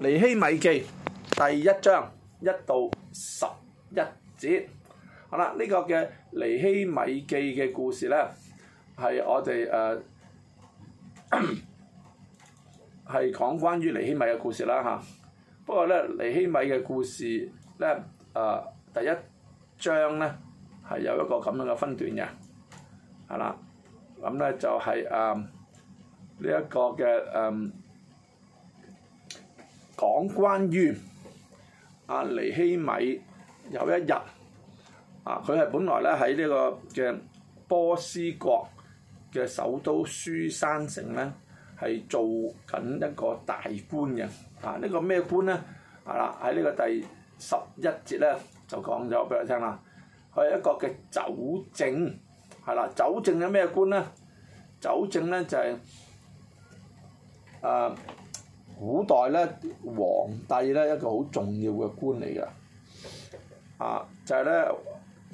尼希米記第一章一到十一節，好啦，呢個嘅尼希米記嘅故事咧，係我哋誒係講關於尼希米嘅故事啦吓。不過咧，尼希米嘅故事咧，誒、呃，第一章咧係有一個咁樣嘅分段嘅，係啦，咁咧就係誒呢一個嘅誒。呃講關於阿、啊、尼希米有一日，啊，佢係本來咧喺呢、這個嘅波斯國嘅首都蘇山城咧，係做緊一個大官嘅，啊，這個、呢個咩官咧？係、啊、啦，喺呢個第十一節咧就講咗俾我聽啦，佢係一個嘅酒政，係、啊、啦，酒政有咩官咧？酒政咧就係、是，啊。古代咧，皇帝咧一個好重要嘅官嚟㗎，啊，就係咧，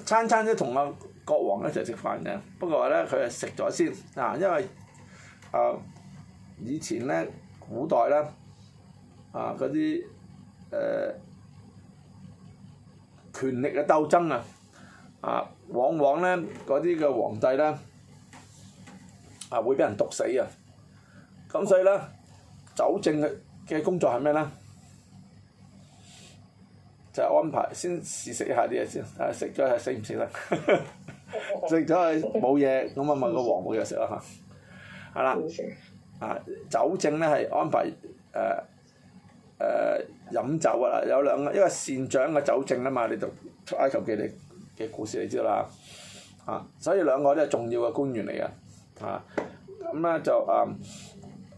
餐餐都同阿國王一齊食飯嘅。不過咧，佢係食咗先，啊，因為啊，以前咧，古代咧，啊嗰啲誒權力嘅鬥爭啊，啊，往往咧嗰啲嘅皇帝咧，啊會俾人毒死啊，咁所以咧。酒政嘅嘅工作係咩咧？就係、安排先試食一下啲嘢先，睇下食咗係死唔死得，食咗係冇嘢，咁啊問個王冇嘢食啦嚇，係啦，啊酒政咧係安排誒誒飲酒啊，有兩個因為膳長嘅酒政啊嘛，你讀出埃及嘅嘅故事你知啦，啊，所以兩個都係重要嘅官員嚟嘅，啊咁咧就啊。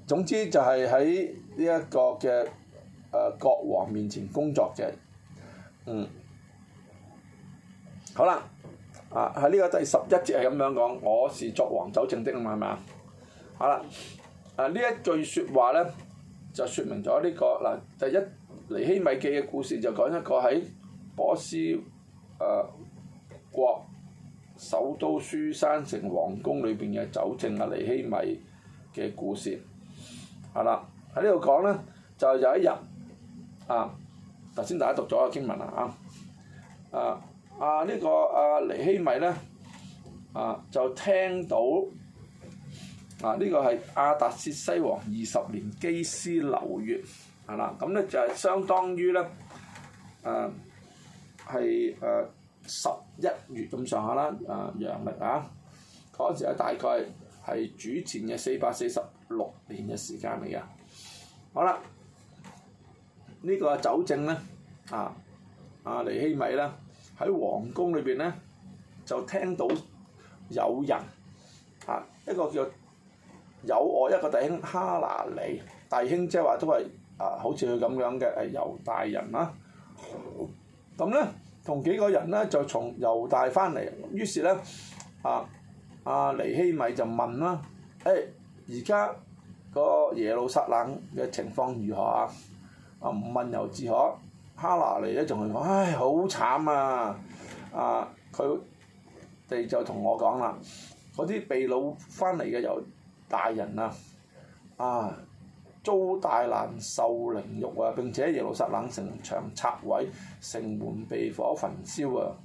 總之就係喺呢一個嘅誒、呃、國王面前工作嘅，嗯，好啦，啊喺呢個第十一節係咁樣講，我是作王酒政的啊嘛，係咪好啦，啊呢一句説話咧就説明咗呢、這個嗱、啊，第一尼希米記嘅故事就講一個喺波斯誒、呃、國首都書珊城皇宮裏邊嘅酒政啊尼希米嘅故事。係啦，喺呢度講咧，就有一日啊，頭先大家讀咗個經文啦，啊，啊啊呢個啊尼希米咧，啊就聽到啊呢個係亞達薛西王二十年基斯流月，係啦，咁咧就係相當於咧，誒係誒十一月咁上下啦，啊陽曆啊，嗰時咧大概係主前嘅四百四十六年嘅時間嚟噶，好啦，呢、這個酒政咧，啊，啊尼希米啦，喺皇宮裏邊咧就聽到有人啊一個叫有愛一個弟兄哈拿尼弟兄，即係話都係啊好似佢咁樣嘅猶、啊、大人啦、啊，咁咧同幾個人咧就從猶大翻嚟，於是咧啊阿、啊、尼希米就問啦、啊，誒、欸？而家、那個耶路撒冷嘅情況如何啊？啊，唔問由自可，哈拿尼咧仲係講，唉，好慘啊！啊，佢哋就同我講啦，嗰啲被擄翻嚟嘅猶大人啊，啊，遭大難受凌辱啊！並且耶路撒冷城牆拆毀，城門被火焚燒啊！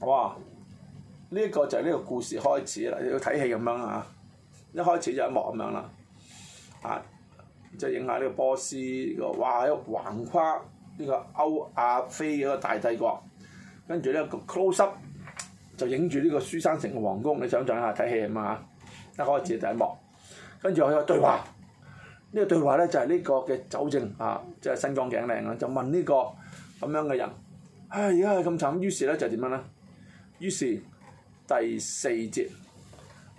哇！呢、這、一個就係呢個故事開始啦，要睇戲咁樣啊。一開始就一幕咁樣啦，啊，即係影下呢個波斯一個，哇！一橫跨呢個歐亞非嗰個大帝國，跟住咧 close up，就影住呢個書珊城嘅王宮，你想象一下睇戲啊嘛，一開始第一幕，跟住又有個對話，呢、這個對話咧就係、是、呢個嘅酒政啊，即係身光頸靚啦，就問呢個咁樣嘅人，唉、哎，而家係咁慘，於是咧就點樣咧？於是第四節。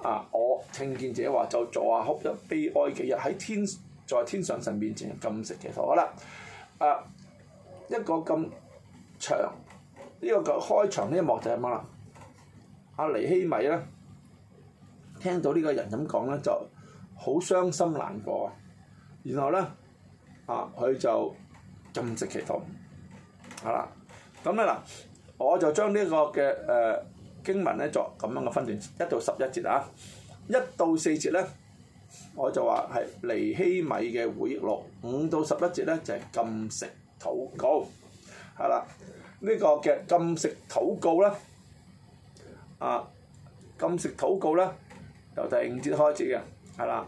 啊！我聽見己話就坐再哭一悲哀幾日喺天，在天上神面前禁食祈禱，好啦。誒、啊、一個咁長呢、這個嘅開場呢一幕就係乜啦？阿、啊、尼希米咧聽到呢個人咁講咧就好傷心難過，然後咧啊佢就禁食祈禱，好啦。咁咧嗱，我就將呢個嘅誒。呃經文咧作咁樣嘅分段，一到十一節啊，一到四節咧，我就話係尼希米嘅回憶錄，五到十一節咧就係禁食禱告，係啦，呢、呢個嘅禁食禱告咧，啊，禁食禱告咧，由第五節開始嘅，係啦，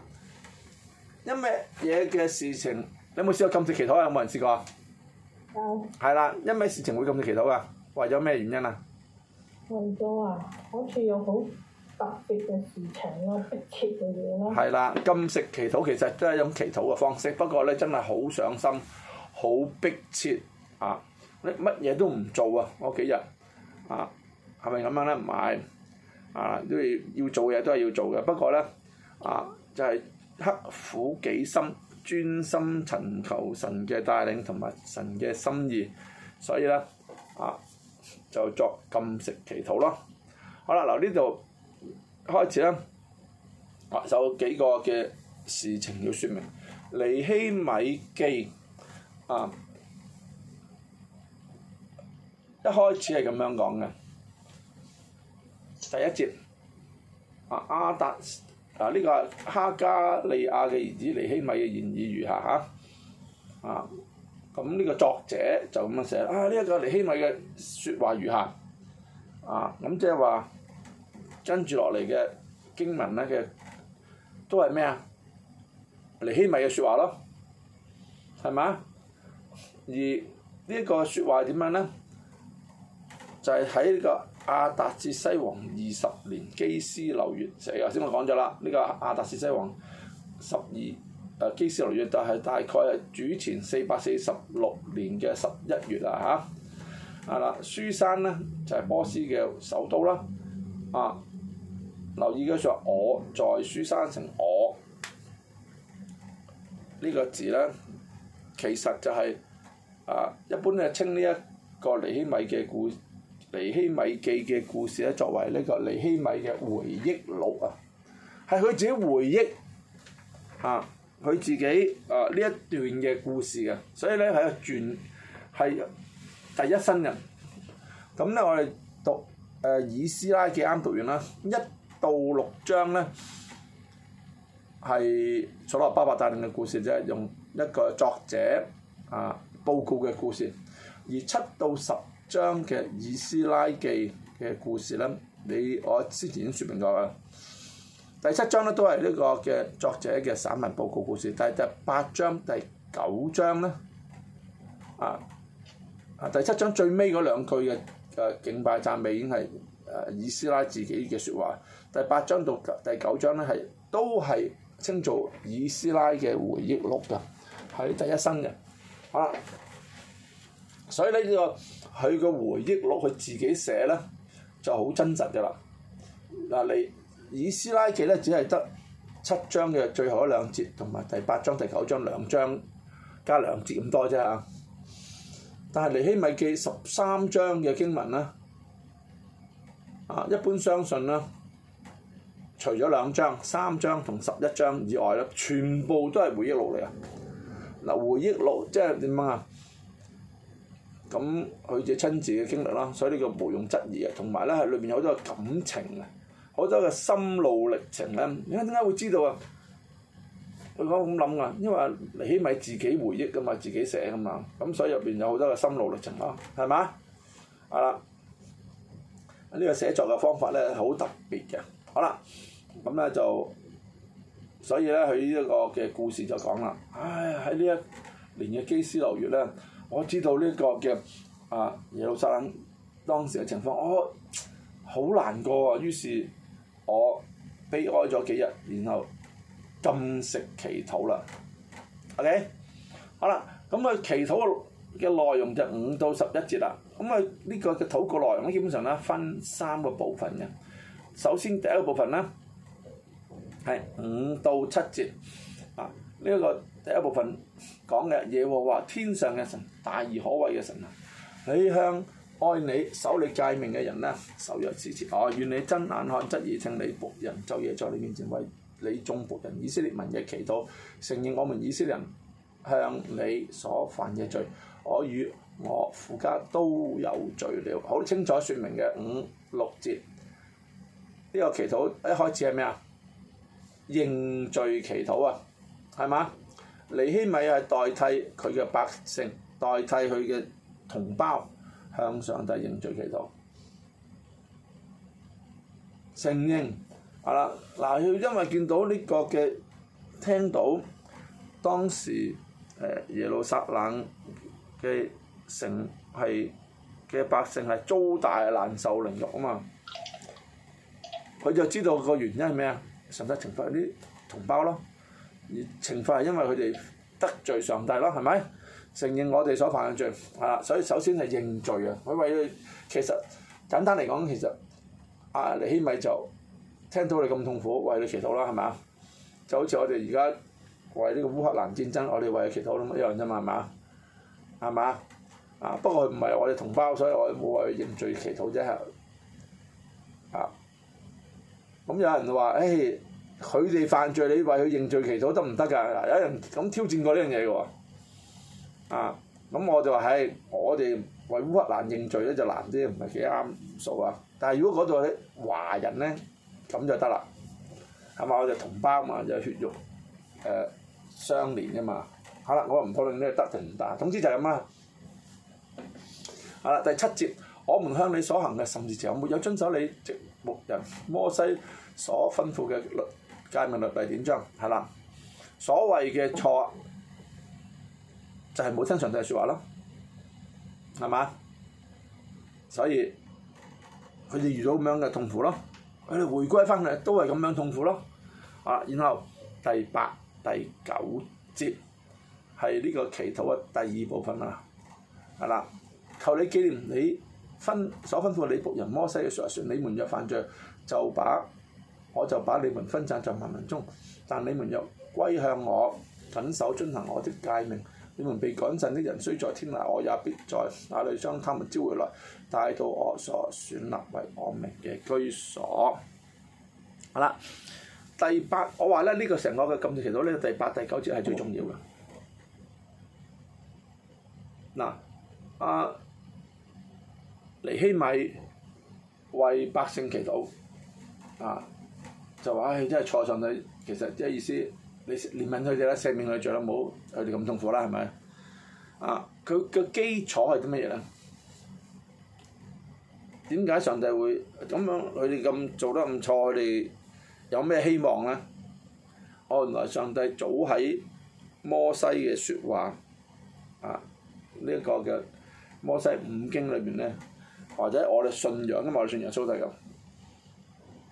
因咩嘢嘅事情，你有冇試過禁食祈禱？有冇人試過？有，係啦，因咩事情會禁食祈禱噶？為咗咩原因啊？好多啊，好似有好特別嘅事情咯，迫切嘅嘢咯。係啦，禁食祈禱其實都係一種祈禱嘅方式，不過咧真係好上心，好迫切啊！乜嘢都唔做啊，我幾日啊，係咪咁樣咧？唔係啊，都要要做嘢都係要做嘅，不過咧啊，就係刻苦己心，專心尋求神嘅帶領同埋神嘅心意，所以咧啊。就作禁食祈禱咯，好啦，嗱，呢度開始啦，啊有幾個嘅事情要説明。尼希米記啊，一開始係咁樣講嘅，第一節啊亞達啊，呢個哈加利亞嘅兒子尼希米嘅言語如下嚇啊。啊咁呢個作者就咁樣寫，啊呢一、這個尼希米嘅説話如下，啊咁即係話跟住落嚟嘅經文咧嘅都係咩啊尼希米嘅説話咯，係咪？而說呢一個説話點樣咧？就係喺呢個亞達士西王二十年基斯流月寫，就係頭先我講咗啦，呢、這個亞達士西王十二。誒基斯羅約就係大概係主前四百四十六年嘅十一月啊嚇，啊啦，書山咧就係、是、波斯嘅首都啦，啊，留意嘅時我在書山成我呢、這個字咧，其實就係、是、啊，一般咧稱呢一個尼希米嘅故尼希米記嘅故事咧，作為呢個尼希米嘅回憶錄啊，係佢自己回憶啊。佢自己啊呢、呃、一段嘅故事嘅，所以咧係個傳係第一身人。咁咧我哋讀誒、呃《以斯拉記》啱讀完啦，一到六章咧係所羅巴伯帶領嘅故事啫，用一個作者啊報告嘅故事。而七到十章嘅《以斯拉記》嘅故事咧，你我之前已經說明過啦。第七章咧都係呢個嘅作者嘅散文報告故事，但係第八章、第九章咧，啊啊！第七章最尾嗰兩句嘅嘅敬拜讚美已經係、啊、以斯拉自己嘅説話，第八章到第九章咧係都係稱做以斯拉嘅回憶錄㗎，係第一身嘅，好啦，所以呢、呢個佢嘅回憶錄佢自己寫咧就好真實㗎啦，嗱、啊、你。以斯拉記咧，只係得七章嘅最後一兩節，同埋第八章、第九章兩章加兩節咁多啫啊！但係尼希米記十三章嘅經文啦，啊，一般相信啦，除咗兩章、三章同十一章以外啦，全部都係回憶錄嚟啊！嗱，回憶錄即係點樣啊？咁佢自己親自嘅經歷啦，所以呢個無庸質疑啊！同埋咧，裏面有好多感情啊！好多嘅心路歷程咧，你睇點解會知道啊？佢講咁諗噶，因為你起碼自己回憶噶嘛，自己寫噶嘛，咁所以入邊有好多嘅心路歷程咯、啊，係嘛？係啦，呢、這個寫作嘅方法咧，好特別嘅，好啦，咁咧就，所以咧佢呢一個嘅故事就講啦，唉喺呢一年嘅基斯流月咧，我知道呢一個嘅啊耶路撒冷當時嘅情況，我、哦、好難過啊，於是。我悲哀咗幾日，然後禁食祈禱啦，OK？好啦，咁佢祈禱嘅內容就五到十一節啦。咁啊呢個嘅禱告內容咧，基本上咧分三個部分嘅。首先第一個部分咧係五到七節啊，呢、這、一個第一個部分講嘅嘢，耶和華天上嘅神大而可畏嘅神啊，你向愛你守你誡命嘅人呢，守約支持。我、哦、願你睜眼看，側耳，聽你僕人，晝夜在你面前為你眾僕人。以色列民嘅祈禱，承認我們以色列人向你所犯嘅罪，我與我父家都有罪了。好清楚説明嘅五六節，呢、這個祈禱一開始係咩啊？認罪祈禱啊，係嘛？尼希米係代替佢嘅百姓，代替佢嘅同胞。向上帝認罪祈禱，承認，係啦，嗱，要因為見到呢、這個嘅，聽到當時誒耶路撒冷嘅城係嘅百姓係遭大難受凌辱啊嘛，佢就知道個原因係咩啊？上帝懲罰啲同胞咯，而懲罰係因為佢哋得罪上帝咯，係咪？承認我哋所犯嘅罪，啊，所以首先係認罪啊！我為佢，其實簡單嚟講，其實啊，尼希米就聽到你咁痛苦，為你祈禱啦，係咪？就好似我哋而家為呢個烏克蘭戰爭，我哋為你祈禱咁一樣啫嘛，係咪啊？係啊？不過佢唔係我哋同胞，所以我冇話佢認罪祈禱啫，啊！咁、嗯嗯嗯嗯、有人話，唉、哎，佢哋犯罪，你為佢認罪祈禱得唔得㗎？有人咁挑戰過呢樣嘢㗎喎！啊，咁、嗯、我就話係，我哋為烏克蘭認罪咧就難啲，唔係幾啱數啊。但係如果嗰度華人咧，咁就得啦，係嘛？我哋同胞嘛，有血肉誒、呃、相連噶嘛。好啦，我唔討論呢，得就唔得，總之就係咁啦。好啦，第七節，我們向你所行嘅，甚至有沒有遵守你藉僕人摩西所吩咐嘅律、誡命、律例典章。係啦，所謂嘅錯。就係冇聽上帝嘅説話咯，係嘛？所以佢哋遇到咁樣嘅痛苦咯，佢哋回歸翻嚟都係咁樣痛苦咯。啊，然後第八、第九節係呢個祈禱嘅第二部分啦。係啦，求你記念你分所吩咐你僕人摩西嘅説話說，説你們若犯罪，就把我就把你們分散在萬民中，但你們若歸向我，謹守遵行我的誡命，你們被趕盡的人雖在天涯，我也必在那裏將他們招回來，帶到我所選立為我名嘅居所。好啦，第八，我話咧呢個成個嘅感謝祈禱咧，這個、第八、第九節係最重要嘅。嗱，阿、啊、尼希米為百姓祈禱，啊，就話：唉、哎，真係坐上嚟，其實即係意思。你憐憫佢哋啦，赦免佢哋罪啦，冇。佢哋咁痛苦啦，係咪？啊，佢嘅基礎係啲乜嘢咧？點解上帝會咁樣佢哋咁做得唔錯？佢哋有咩希望咧？我、啊、原來上帝早喺摩西嘅説話啊，呢、這、一個叫摩西五經裏邊咧，或者我哋信仰，因為我信仰蘇迪亞，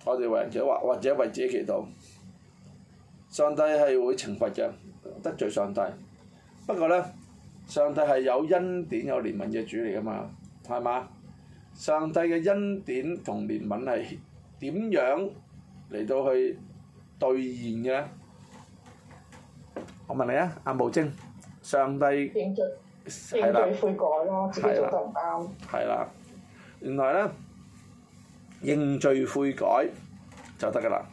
我哋為人者話或者為自己祈禱。上帝係會懲罰嘅，得罪上帝。不過咧，上帝係有恩典有憐憫嘅主嚟噶嘛，係嘛？上帝嘅恩典同憐憫係點樣嚟到去兌現嘅咧？我問你啊，阿茂精，上帝認罪，係啦，悔改咯，自己做就唔啱，係啦。原來咧，認罪悔改就得噶啦。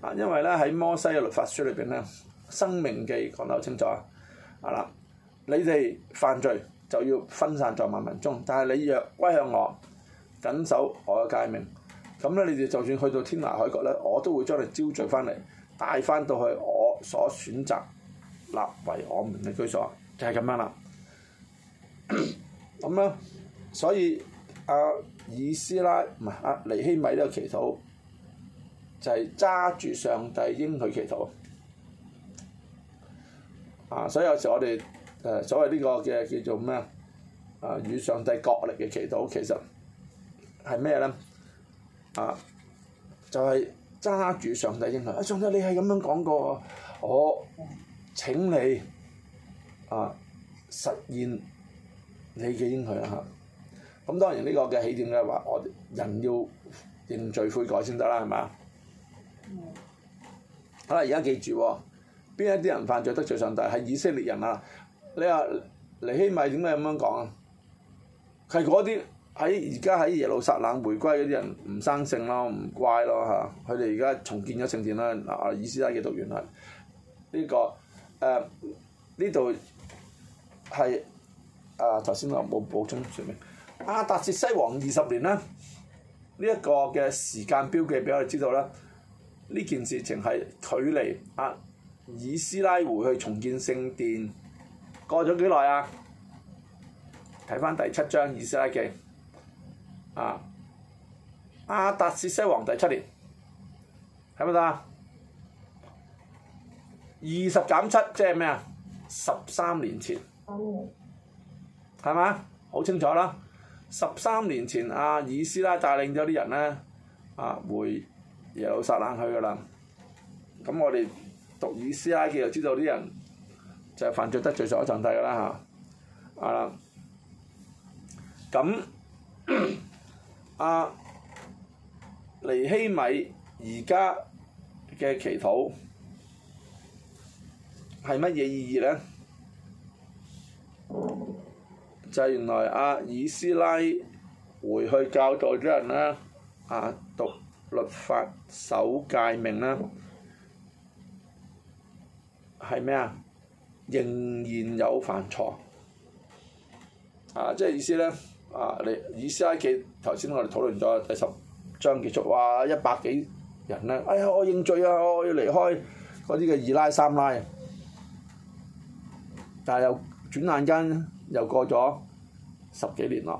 啊，因為咧喺摩西嘅律法書裏邊咧，申命記講得好清楚啊！啊啦，你哋犯罪就要分散在萬民中，但係你若歸向我，緊守我嘅誡命，咁咧你哋就算去到天涯海角咧，我都會將你招聚翻嚟，帶翻到去我所選擇立為我名嘅居所，就係咁樣啦。咁樣， 所以阿、啊、以斯拉唔係阿尼希米都有祈禱。就係揸住上帝應許祈禱啊！所以有時我哋誒、呃、所謂呢個嘅叫做咩啊？啊，與上帝角力嘅祈禱，其實係咩咧？啊，就係揸住上帝應許啊！上帝你係咁樣講過，我請你啊實現你嘅應許啊！咁、啊、當然呢個嘅起點嘅話，我人要認罪悔改先得啦，係嘛？好啦，而家記住邊一啲人犯罪得罪上帝係以色列人啊！你話尼希米點解咁樣講啊？係嗰啲喺而家喺耶路撒冷回歸嗰啲人唔生性咯，唔乖咯吓。佢哋而家重建咗聖殿啦。嗱，以斯拉嘅讀完啊，呢個誒呢度係啊頭先我冇補充説明阿、啊、達薛西王二十年啦。呢、呢、一個嘅時間標記俾我哋知道啦。呢件事情係距離阿以斯拉回去重建聖殿過咗幾耐啊？睇翻第七章以斯拉記，啊，亞達薛西王第七年，係咪得？二十減七即係咩啊？十三年前，十三年，係嘛？好清楚啦！十三年前，阿、啊、以斯拉帶領咗啲人咧，啊，回。有殺冷去噶啦，咁我哋讀以斯拉記就知道啲人就係犯罪得罪咗一層第噶啦吓，啊，咁阿、啊、尼希米而家嘅祈禱係乜嘢意義咧？ 就係原來阿、啊、以斯拉回去教導啲人咧，啊讀。律法首界命咧，係咩啊？仍然有犯錯，啊！即係意思咧，啊！你《以斯拉記》頭先我哋討論咗第十章結束，哇！一百幾人咧，哎呀！我認罪啊！我要離開嗰啲嘅二奶、三奶。但係又轉眼間又過咗十幾年喇。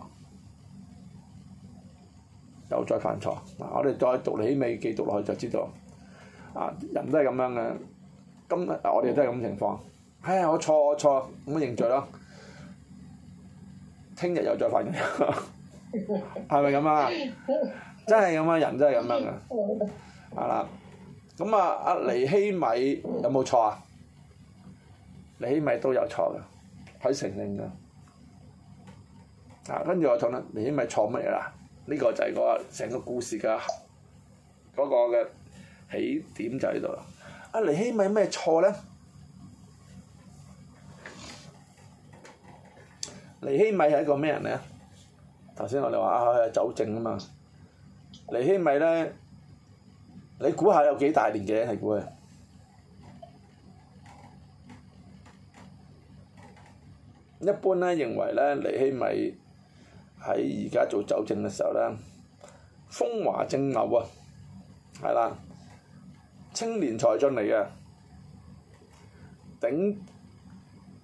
又再犯錯，嗱，我哋再讀尼希米記讀落去就知道，啊，人都係咁樣嘅，今日我哋都係咁情況，唉、哎、我錯我錯咁樣認罪咯，聽日又再犯，係咪咁啊？真係咁啊！人真係咁樣嘅，啊，咁啊阿尼希米有冇錯啊？尼希米都有錯嘅，可以承認嘅，啊，跟住我同啦，尼希米錯乜嘢啦？呢個就係嗰個成個故事嘅嗰個嘅起點就喺度啦。阿尼希米咩錯咧？尼希米係一個咩人咧？頭先我哋話啊，佢係酒政啊嘛。尼希米咧，你估下有幾大年紀咧？係估嘅。一般咧，認為咧，尼希米。喺而家做酒政嘅時候咧，風華正茂啊，係啦，青年才俊嚟嘅，頂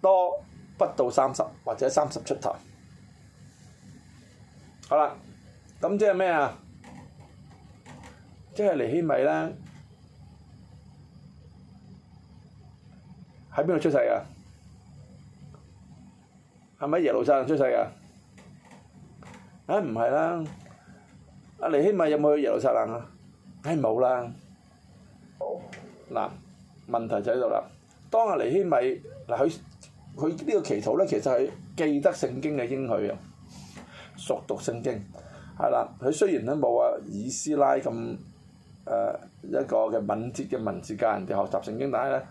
多不到三十或者三十出頭。好啦，咁即係咩啊？即係尼希米啦，喺邊度出世噶？係咪耶路撒冷出世噶？啊，唔係啦！阿尼希米有冇去耶路撒冷啊？唉，冇啦。好。嗱，問題就喺度啦。當阿尼希米嗱佢佢呢個祈禱咧，其實係記得聖經嘅經句啊，熟讀聖經。係啦，佢雖然咧冇阿以斯拉咁誒一個嘅敏捷嘅文字教人哋學習聖經，但係咧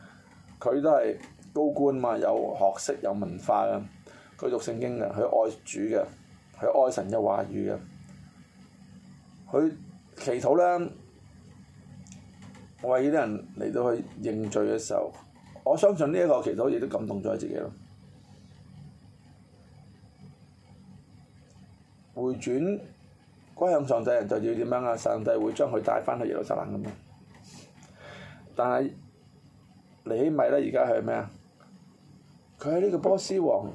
佢都係高官嘛，有學識有文化嘅，佢讀聖經嘅，佢愛主嘅。佢愛神嘅話語嘅，佢祈禱咧，為啲人嚟到去認罪嘅時候，我相信呢一個祈禱亦都感動咗自己咯。回轉歸向上帝，人就要點樣啊？上帝會將佢帶翻去耶路撒冷咁樣，但係尼希米咧，而家係咩啊？佢喺呢個波斯王。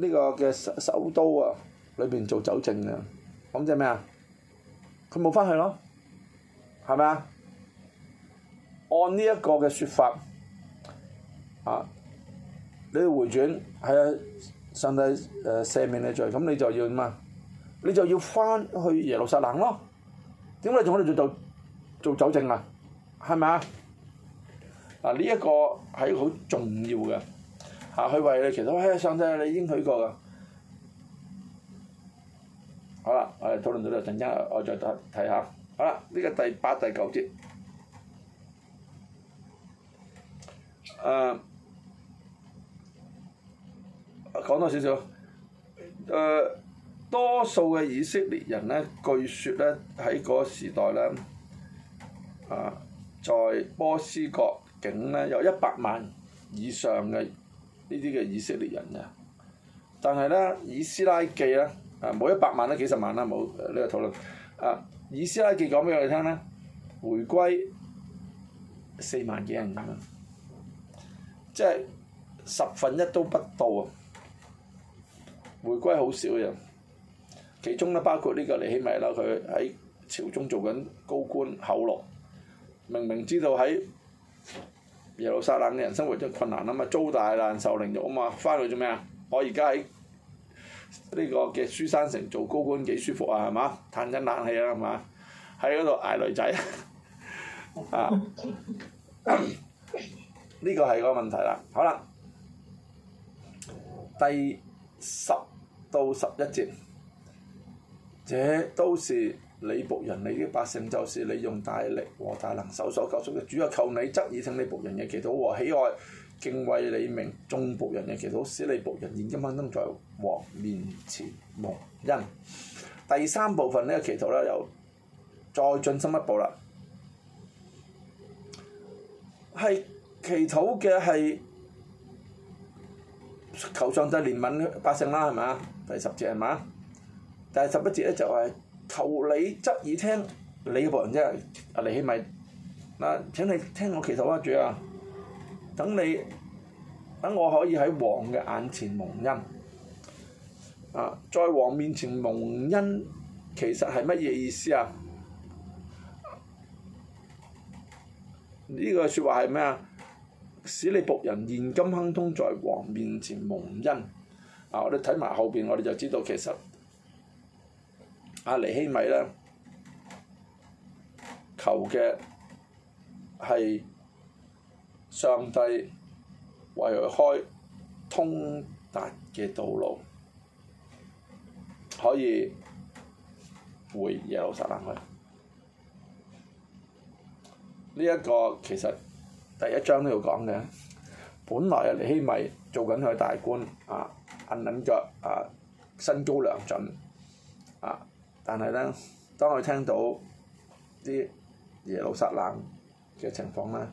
呢個嘅首首都啊，裏邊做酒政嘅，咁即係咩啊？佢冇翻去咯，係咪啊？按呢一個嘅説法啊，你回轉係上帝誒赦免你罪，咁你就要點啊？你就要翻去耶路撒冷咯？點解你仲可以做做酒政啊？係咪啊？嗱，呢一個係好重要嘅。啊！去為你祈禱、哎，上帝，你已經去過噶，好啦，我哋討論到呢、這、度、個，陣間我再睇下，好啦，呢、這個第八、第九節，誒、呃、講多少少，誒、呃、多數嘅以色列人呢，據說呢，喺嗰時代呢，啊、呃，在波斯國境呢，有一百萬以上嘅。呢啲嘅以色列人啊，但係咧《以斯拉記》咧、啊，誒冇一百萬啦，幾十萬啦，冇呢個討論。誒、啊《以斯拉記》講俾我哋聽咧？回歸四萬幾人咁樣，即係十分一都不到啊！回歸好少嘅人，其中咧包括呢、這個尼希米啦，佢喺朝中做緊高官厚祿，明明知道喺。耶路撒冷嘅人生活真係困難啊嘛，遭大難受凌辱啊嘛，返去做咩啊？我而家喺呢個嘅書珊城做高官幾舒服 啊，係嘛？ 嘆緊冷氣啦，係嘛？喺嗰度捱女仔啊，呢個係個問題啦。好啦，第十到十一節，這都是，你僕人，你啲百姓就是你用大力和大能手所救贖嘅主啊，求你側耳聽你僕人嘅祈禱和喜愛，敬畏你名眾僕人嘅祈禱，使你僕人現今亨通在王面前蒙恩。第三部分呢個祈禱呢，又再進深一步啦，係祈禱嘅係求上帝憐憫百姓啦，係咪第十節，係咪第十一節呢？就係、是。求你側耳聽，你嘅僕人啫。阿尼希米，嗱、啊，請你聽我祈求一主啊。等你，等我可以喺王嘅眼前蒙恩。啊，在王面前蒙恩，其實係乜嘢意思啊？呢、這個説話係咩啊？使你僕人現今亨通，在王面前蒙恩。啊，我哋睇埋後邊，我哋就知道其實。阿、啊、尼希米咧求嘅係上帝為佢開通達嘅道路，可以回耶路撒冷去。呢、這、一個其實第一章都要講嘅，本來阿、啊、尼希米做緊佢大官，啊，銀銀腳，啊，身高良丈，啊。但係咧，當佢聽到啲耶路撒冷嘅情況咧，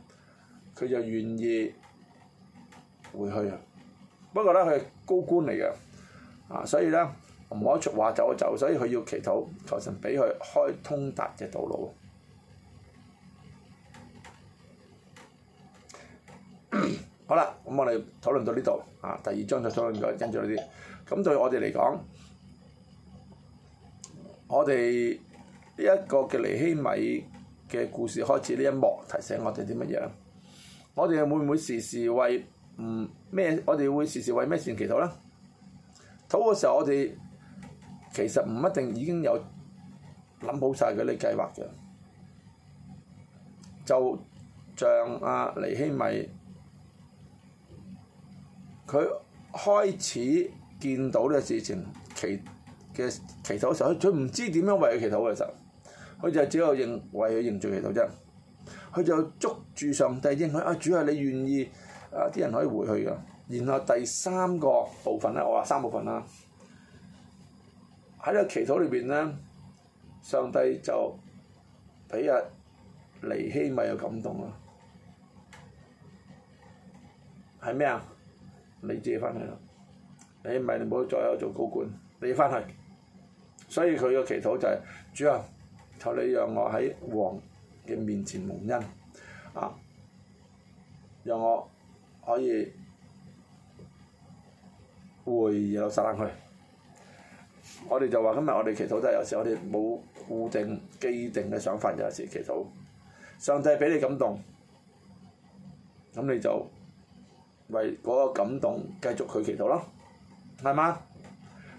佢就願意回去。不過咧，佢係高官嚟嘅，啊，所以咧唔可以話走就走，所以佢要祈禱，求神俾佢開通達嘅道路。 好啦，咁我哋討論到呢度，啊，第二章就討論咗跟住呢啲。咁對我哋嚟講，我哋呢一個嘅尼希米嘅故事開始呢一幕，提醒我哋啲乜嘢？我哋會唔會時時為唔咩、嗯？我哋會時時為咩事祈禱咧？禱嘅時候，我哋其實唔一定已經有諗好晒佢哋計劃嘅，就像阿、啊、尼希米，佢開始見到呢個事情，其嘅祈禱時候，佢唔知點樣為佢祈禱嘅時候，佢就只有認為佢認罪祈禱啫。佢就捉住上帝應佢，啊，主啊，你願意啊啲人可以回去噶。然後第三個部分咧，我話三個部分啦，喺個祈禱裏邊咧，上帝就俾人尼希米有感動咯，係咩啊？你自己翻去啦，你唔係你冇再有做高官，你翻去。所以佢個祈禱就係、是：主啊，求你讓我喺王嘅面前蒙恩，啊，讓我可以回耶路撒冷去。我哋就話今日我哋祈禱都係有時我哋冇固定既定嘅想法，有時祈禱，上帝畀你感動，咁你就為嗰個感動繼續去祈禱咯，係嘛？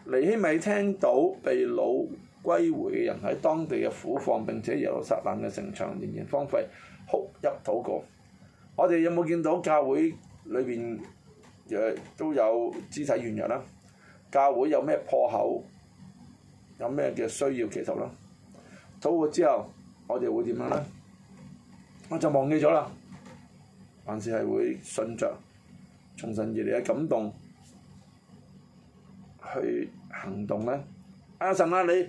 尼希米聽到被擄歸回嘅人喺當地嘅苦況，並且耶路撒冷嘅城牆仍然荒廢，哭泣禱告。我哋有冇見到教會裏邊都有肢體軟弱啦？教會有咩破口？有咩嘅需要祈求啦？禱告之後，我哋會點樣呢？我就忘記咗啦，還是係會順著，從神而嚟嘅感動。去行動咧，阿、啊、神啊，你誒誒誒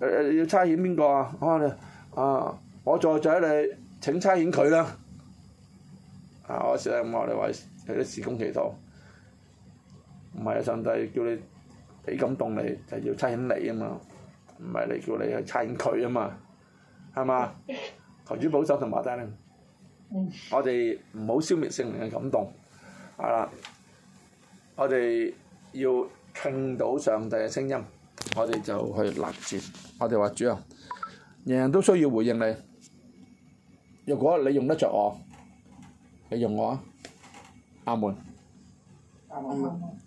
誒誒誒要差遣邊個啊？我你啊，我再再你請差遣佢啦。啊，我成日咁話你話佢啲事工祈禱，唔係啊，上帝叫你俾感動你，就係、要差遣你啊嘛，唔係你叫你去差遣佢啊嘛，係嘛？求主保守同埋帶領，嗯、我哋唔好消滅聖靈嘅感動，係啦。我哋要聽到上帝嘅聲音，我哋就去立戰。我哋話主啊，人人都需要回應你。如果你用得着我，你用我，啊。阿門。阿門。嗯